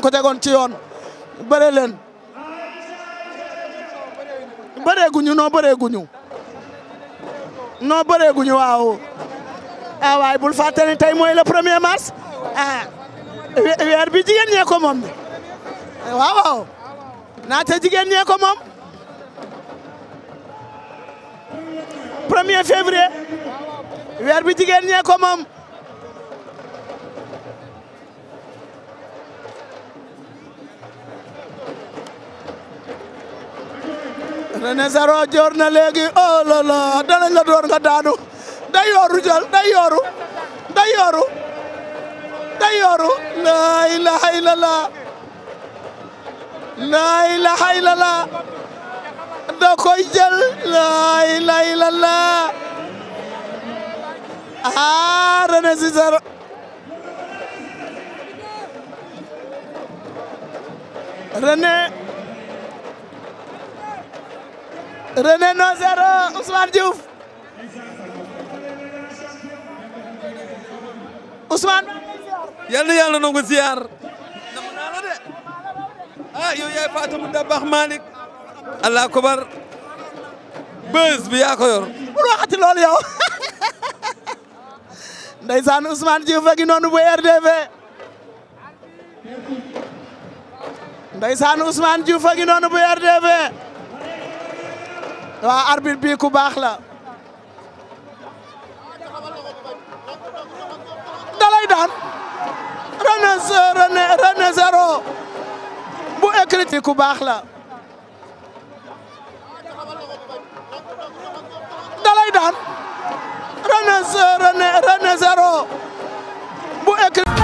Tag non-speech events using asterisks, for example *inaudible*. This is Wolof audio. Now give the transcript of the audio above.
ko tegoon ci yoon bëre leen bëree guñu noo bëree guñu noo bëree guñu waaw ah eh, waay bul fàtte ne é o le premier mars ah weer bi jigéen ñee ko moom eh, waaw waaw naata jigéen ñee ko moom premier février É bi jigéen ñee ko moom René Saro joor na léegi oh la la dana nga door nga daanu day yooru jël day yooru day yooru day yooru laa ilaha illallah laa da koy jël laa ilaha illallah ah René Saro René René Nozero Ousmane Diouf Ousmane. yal na yàlla nangu ziar. namu naa la de ah yow yaay Fatou Dabakh Malick. allah kubar. bés bi yaa bul waxati loolu yow. *laughs* ndeysaan Ousmane Diouf a bu RDV. waaw arbitre bi ku baax la dalay daan René René René Zéro bu écrit ku baax la dalay daan René René René Zéro bu écrit